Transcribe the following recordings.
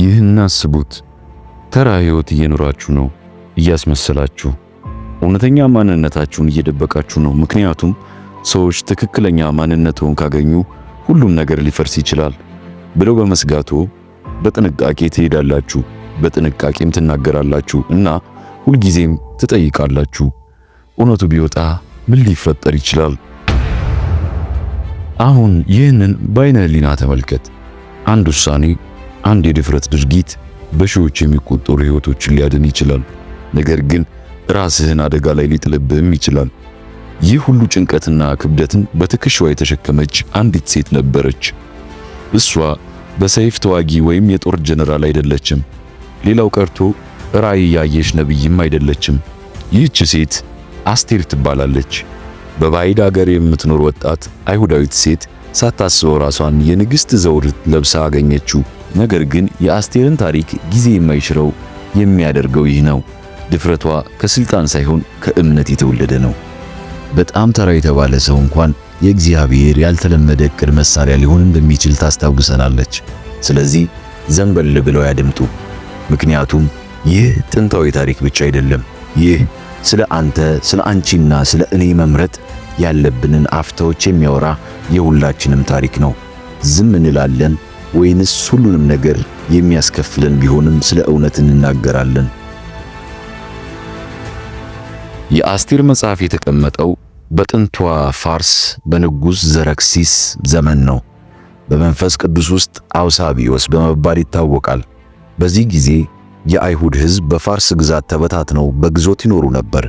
ይህን አስቡት። ተራ ህይወት እየኖራችሁ ነው እያስመሰላችሁ እውነተኛ ማንነታችሁን እየደበቃችሁ ነው። ምክንያቱም ሰዎች ትክክለኛ ማንነትዎን ካገኙ ሁሉም ነገር ሊፈርስ ይችላል ብለው በመስጋቶ በጥንቃቄ ትሄዳላችሁ፣ በጥንቃቄም ትናገራላችሁ እና ሁልጊዜም ትጠይቃላችሁ። እውነቱ ቢወጣ ምን ሊፈጠር ይችላል? አሁን ይህንን በአይነ ህሊና ተመልከት። አንድ ውሳኔ አንድ የድፍረት ድርጊት በሺዎች የሚቆጠሩ ሕይወቶችን ሊያድን ይችላል። ነገር ግን ራስህን አደጋ ላይ ሊጥልብህም ይችላል። ይህ ሁሉ ጭንቀትና ክብደትን በትከሻዋ የተሸከመች አንዲት ሴት ነበረች። እሷ በሰይፍ ተዋጊ ወይም የጦር ጀነራል አይደለችም። ሌላው ቀርቶ ራእይ ያየሽ ነብይም አይደለችም። ይህች ሴት አስቴር ትባላለች። በባዕድ አገር የምትኖር ወጣት አይሁዳዊት ሴት ሳታስበው ራሷን የንግሥት ዘውድ ለብሳ አገኘችው። ነገር ግን የአስቴርን ታሪክ ጊዜ የማይሽረው የሚያደርገው ይህ ነው። ድፍረቷ ከስልጣን ሳይሆን ከእምነት የተወለደ ነው። በጣም ተራ የተባለ ሰው እንኳን የእግዚአብሔር ያልተለመደ እቅድ መሳሪያ ሊሆን እንደሚችል ታስታውሰናለች። ስለዚህ ዘንበል ብለው ያድምጡ። ምክንያቱም ይህ ጥንታዊ ታሪክ ብቻ አይደለም። ይህ ስለ አንተ፣ ስለ አንቺና ስለ እኔ መምረጥ ያለብንን አፍታዎች የሚያወራ የሁላችንም ታሪክ ነው። ዝም እንላለን ወይንስ ሁሉንም ነገር የሚያስከፍለን ቢሆንም ስለ እውነት እንናገራለን? የአስቴር መጽሐፍ የተቀመጠው በጥንቷ ፋርስ በንጉሥ ዘረክሲስ ዘመን ነው። በመንፈስ ቅዱስ ውስጥ አውሳቢዮስ በመባል ይታወቃል። በዚህ ጊዜ የአይሁድ ሕዝብ በፋርስ ግዛት ተበታትነው በግዞት ይኖሩ ነበር።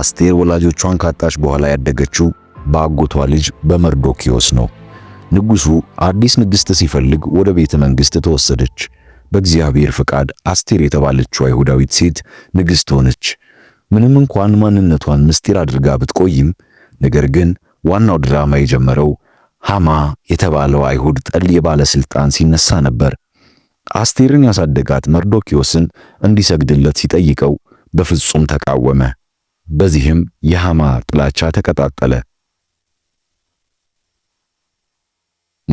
አስቴር ወላጆቿን ካጣች በኋላ ያደገችው በአጎቷ ልጅ በመርዶኪዮስ ነው። ንጉሡ አዲስ ንግሥት ሲፈልግ ወደ ቤተ መንግሥት ተወሰደች። በእግዚአብሔር ፈቃድ አስቴር የተባለችው አይሁዳዊት ሴት ንግሥት ሆነች። ምንም እንኳን ማንነቷን ምስጢር አድርጋ ብትቆይም፣ ነገር ግን ዋናው ድራማ የጀመረው ሃማ የተባለው አይሁድ ጠል የባለሥልጣን ሲነሳ ነበር። አስቴርን ያሳደጋት መርዶኪዎስን እንዲሰግድለት ሲጠይቀው በፍጹም ተቃወመ። በዚህም የሃማ ጥላቻ ተቀጣጠለ።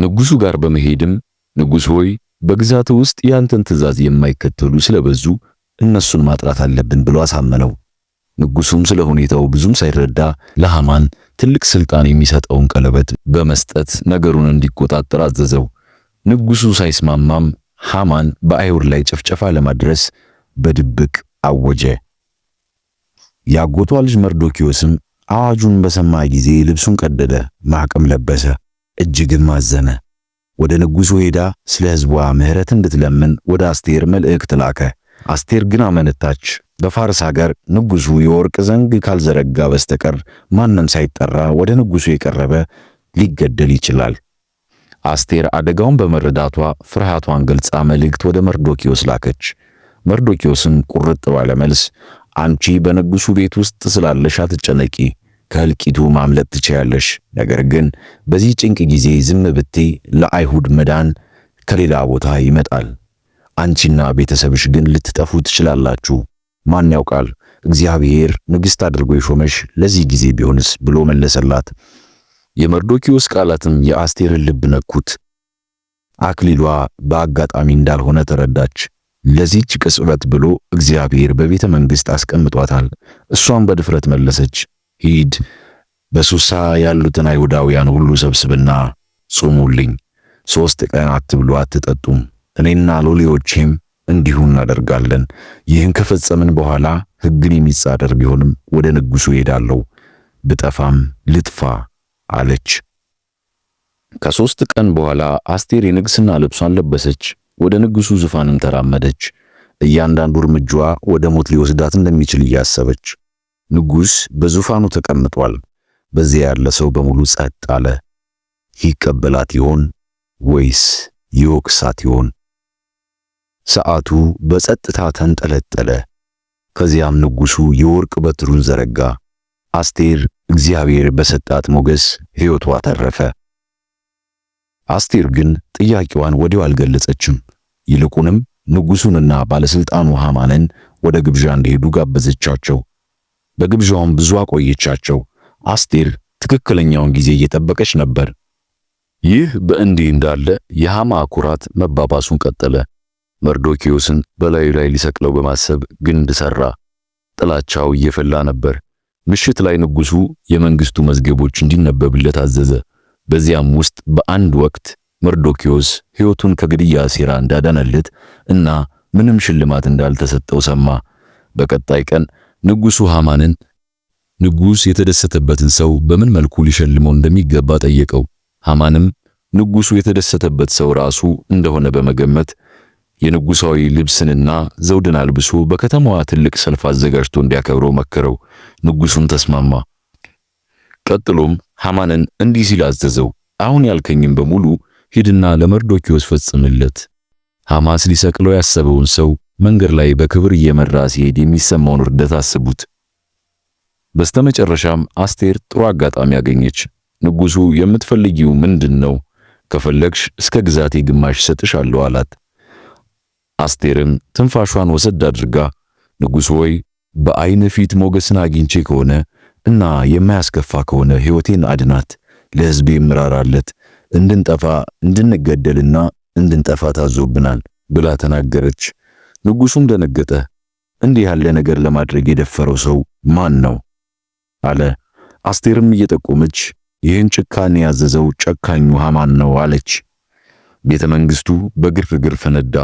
ንጉሱ ጋር በመሄድም ንጉስ ሆይ በግዛት ውስጥ ያንተን ትእዛዝ የማይከተሉ ስለበዙ እነሱን ማጥራት አለብን ብሎ አሳመነው። ንጉሱም ስለ ሁኔታው ብዙም ሳይረዳ ለሃማን ትልቅ ስልጣን የሚሰጠውን ቀለበት በመስጠት ነገሩን እንዲቆጣጠር አዘዘው። ንጉሱ ሳይስማማም ሃማን በአይሁድ ላይ ጭፍጨፋ ለማድረስ በድብቅ አወጀ። ያጎቷ ልጅ መርዶኪዮስም አዋጁን በሰማ ጊዜ ልብሱን ቀደደ፣ ማቅም ለበሰ። እጅግም አዘነ። ወደ ንጉሡ ሄዳ ስለ ሕዝቧ ምሕረት እንድትለምን ወደ አስቴር መልእክት ላከ። አስቴር ግን አመነታች። በፋርስ ሀገር ንጉሡ የወርቅ ዘንግ ካልዘረጋ በስተቀር ማንም ሳይጠራ ወደ ንጉሡ የቀረበ ሊገደል ይችላል። አስቴር አደጋውን በመረዳቷ ፍርሃቷን ገልጻ መልእክት ወደ መርዶኪዮስ ላከች። መርዶኪዮስም ቁርጥ ባለ መልስ አንቺ በንጉሡ ቤት ውስጥ ስላለሽ አትጨነቂ ከእልቂቱ ማምለጥ ትችያለሽ። ነገር ግን በዚህ ጭንቅ ጊዜ ዝም ብቴ ለአይሁድ መዳን ከሌላ ቦታ ይመጣል። አንቺና ቤተሰብሽ ግን ልትጠፉ ትችላላችሁ። ማን ያውቃል እግዚአብሔር ንግሥት አድርጎ የሾመሽ ለዚህ ጊዜ ቢሆንስ ብሎ መለሰላት። የመርዶኪዎስ ቃላትም የአስቴርን ልብ ነኩት። አክሊሏ በአጋጣሚ እንዳልሆነ ተረዳች። ለዚህች ቅጽበት ብሎ እግዚአብሔር በቤተ መንግሥት አስቀምጧታል። እሷም በድፍረት መለሰች፣ ሂድ በሱሳ ያሉትን አይሁዳውያን ሁሉ ሰብስብና ጾሙልኝ፣ ሦስት ቀን አትብሉ አትጠጡም፣ እኔና ሎሌዎቼም እንዲሁ እናደርጋለን። ይህን ከፈጸምን በኋላ ሕግን የሚጻደር ቢሆንም ወደ ንጉሡ እሄዳለሁ፣ ብጠፋም ልጥፋ አለች። ከሦስት ቀን በኋላ አስቴር የንግሥና ልብሷን ለበሰች፣ ወደ ንጉሡ ዙፋንም ተራመደች፣ እያንዳንዱ እርምጃዋ ወደ ሞት ሊወስዳት እንደሚችል እያሰበች ንጉሥ በዙፋኑ ተቀምጧል። በዚያ ያለ ሰው በሙሉ ጸጥ አለ። ይቀበላት ይሆን ወይስ ይወቅሳት ይሆን? ሰዓቱ በጸጥታ ተንጠለጠለ። ከዚያም ንጉሡ የወርቅ በትሩን ዘረጋ። አስቴር እግዚአብሔር በሰጣት ሞገስ ሕይወቷ ተረፈ። አስቴር ግን ጥያቄዋን ወዲያው አልገለጸችም። ይልቁንም ንጉሡንና ባለሥልጣኑ ሃማንን ወደ ግብዣ እንዲሄዱ ጋበዘቻቸው። በግብዣውም ብዙ አቆየቻቸው። አስቴር ትክክለኛውን ጊዜ እየጠበቀች ነበር። ይህ በእንዲህ እንዳለ የሐማ ኩራት መባባሱን ቀጠለ። መርዶኪዮስን በላዩ ላይ ሊሰቅለው በማሰብ ግንድ ሰራ። ጥላቻው እየፈላ ነበር። ምሽት ላይ ንጉሡ የመንግስቱ መዝገቦች እንዲነበብለት አዘዘ። በዚያም ውስጥ በአንድ ወቅት መርዶኪዮስ ሕይወቱን ከግድያ ሴራ እንዳዳነለት እና ምንም ሽልማት እንዳልተሰጠው ሰማ። በቀጣይ ቀን ንጉሱ ሃማንን ንጉስ የተደሰተበትን ሰው በምን መልኩ ሊሸልመው እንደሚገባ ጠየቀው። ሃማንም ንጉሱ የተደሰተበት ሰው ራሱ እንደሆነ በመገመት የንጉሳዊ ልብስንና ዘውድን አልብሶ በከተማዋ ትልቅ ሰልፍ አዘጋጅቶ እንዲያከብረው መከረው። ንጉሱን ተስማማ። ቀጥሎም ሃማንን እንዲህ ሲል አዘዘው፣ አሁን ያልከኝም በሙሉ ሂድና ለመርዶኪዎስ ፈጽምለት። ሃማስ ሊሰቅለው ያሰበውን ሰው መንገድ ላይ በክብር እየመራ ሲሄድ የሚሰማውን ውርደት አስቡት። በስተመጨረሻም አስቴር ጥሩ አጋጣሚ አገኘች። ንጉሡ የምትፈልጊው ምንድን ነው? ከፈለግሽ እስከ ግዛቴ ግማሽ ሰጥሻለሁ አላት። አስቴርም ትንፋሿን ወሰድ አድርጋ ንጉሥ ሆይ በዐይነ ፊት ሞገስን አግኝቼ ከሆነ እና የማያስከፋ ከሆነ ሕይወቴን አድናት፣ ለሕዝቤ ምራራለት፣ እንድንጠፋ እንድንገደልና እንድንጠፋ ታዞብናል ብላ ተናገረች። ንጉሱም ደነገጠ። እንዲህ ያለ ነገር ለማድረግ የደፈረው ሰው ማን ነው? አለ። አስቴርም እየጠቆመች ይህን ጭካኔ ያዘዘው ጨካኙ ሃማን ነው አለች። ቤተ መንግስቱ በግርግር ፈነዳ።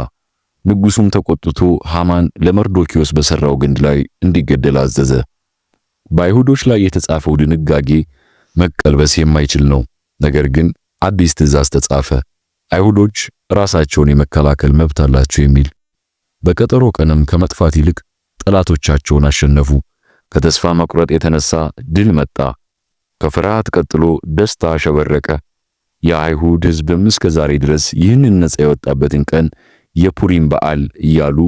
ንጉሱም ተቆጥቶ ሃማን ለመርዶኪዎስ በሰራው ግንድ ላይ እንዲገደል አዘዘ። በአይሁዶች ላይ የተጻፈው ድንጋጌ መቀልበስ የማይችል ነው። ነገር ግን አዲስ ትእዛዝ ተጻፈ፣ አይሁዶች ራሳቸውን የመከላከል መብት አላቸው የሚል በቀጠሮ ቀንም ከመጥፋት ይልቅ ጠላቶቻቸውን አሸነፉ። ከተስፋ መቁረጥ የተነሳ ድል መጣ። ከፍርሃት ቀጥሎ ደስታ አሸበረቀ። የአይሁድ ሕዝብም እስከ ዛሬ ድረስ ይህንን ነፃ የወጣበትን ቀን የፑሪም በዓል እያሉ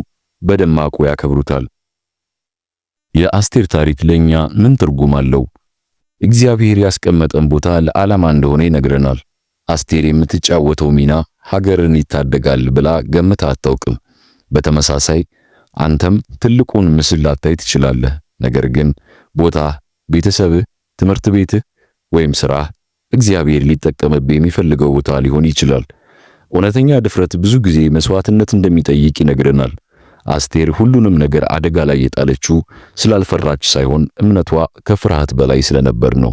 በደማቁ ያከብሩታል። የአስቴር ታሪክ ለእኛ ምን ትርጉም አለው? እግዚአብሔር ያስቀመጠን ቦታ ለዓላማ እንደሆነ ይነግረናል። አስቴር የምትጫወተው ሚና ሀገርን ይታደጋል ብላ ገምታ አታውቅም። በተመሳሳይ አንተም ትልቁን ምስል ላታይ ትችላለህ። ነገር ግን ቦታ፣ ቤተሰብህ፣ ትምህርት ቤትህ ወይም ስራህ እግዚአብሔር ሊጠቀምብህ የሚፈልገው ቦታ ሊሆን ይችላል። እውነተኛ ድፍረት ብዙ ጊዜ መስዋዕትነት እንደሚጠይቅ ይነግረናል። አስቴር ሁሉንም ነገር አደጋ ላይ የጣለችው ስላልፈራች ሳይሆን እምነቷ ከፍርሃት በላይ ስለነበር ነው።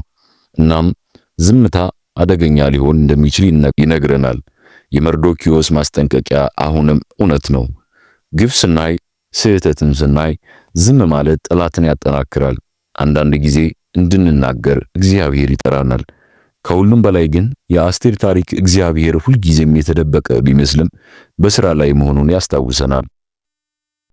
እናም ዝምታ አደገኛ ሊሆን እንደሚችል ይነግረናል። የመርዶኪዮስ ማስጠንቀቂያ አሁንም እውነት ነው። ግፍ ስናይ፣ ስህተትን ስናይ ዝም ማለት ጠላትን ያጠናክራል። አንዳንድ ጊዜ እንድንናገር እግዚአብሔር ይጠራናል። ከሁሉም በላይ ግን የአስቴር ታሪክ እግዚአብሔር ሁልጊዜም የተደበቀ ቢመስልም በሥራ ላይ መሆኑን ያስታውሰናል።